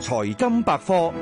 財金百科，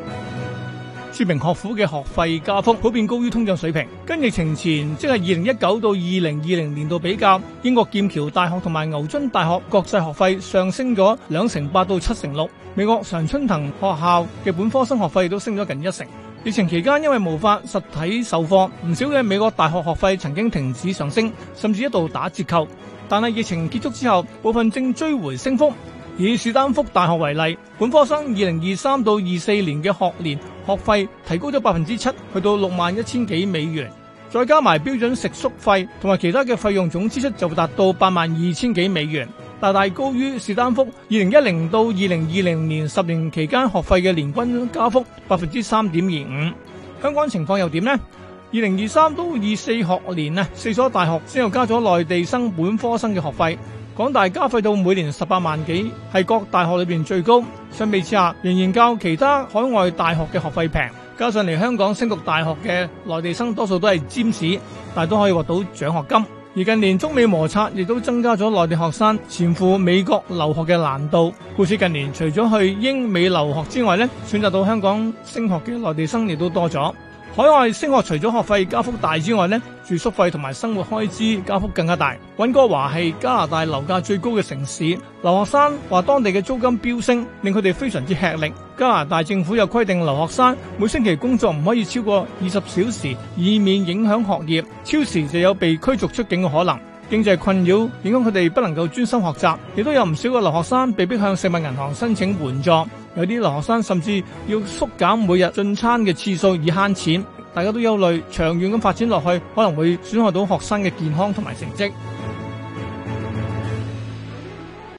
著名學府嘅學費加幅普遍高於通脹水平。跟疫情前，即係二零一九到二零二零年度比較，英國劍橋大學同埋牛津大學國際學費上升咗兩成八到七成六。美國常春藤學校嘅本科生學費都升咗近一成。疫情期間，因為無法實體授課，唔少嘅美國大學學費曾經停止上升，甚至一度打折扣。但係疫情結束之後，部分正追回升幅。以史丹福大學為例，本科生二零二三到二四年嘅學年學費提高咗百分之七，去到六萬一千幾美元，再加埋標準食宿費同埋其他嘅費用，總支出就達到八萬二千幾美元，大大高於史丹福二零一零到二零二零年十年期間學費嘅年均加幅百分之三點二五。相關情況又點呢？二零二三到二四學年呢，四所大學先後加咗內地生本科生嘅學費。港大加費到每年十八萬幾，係各大學裏邊最高。相比之下，仍然較其他海外大學嘅學費平。加上嚟香港升讀大學嘅內地生多數都係尖子，但都可以獲到獎學金。而近年中美摩擦亦都增加咗內地學生前赴美國留學嘅難度。故此近年除咗去英美留學之外呢，選擇到香港升學嘅內地生亦都多咗。海外升學除咗學費加幅大之外，咧住宿費同埋生活開支加幅更加大。溫哥華係加拿大樓價最高嘅城市，留學生話當地嘅租金飆升，令佢哋非常之吃力。加拿大政府又規定留學生每星期工作唔可以超過二十小時，以免影響學業，超時就有被驅逐出境嘅可能。經濟困擾影響佢哋不能夠專心學習，亦都有唔少嘅留學生被迫向食物銀行申請援助，有啲留學生甚至要縮減每日進餐嘅次數以慳錢，大家都憂慮長遠咁發展落去可能會損害到學生嘅健康同埋成績。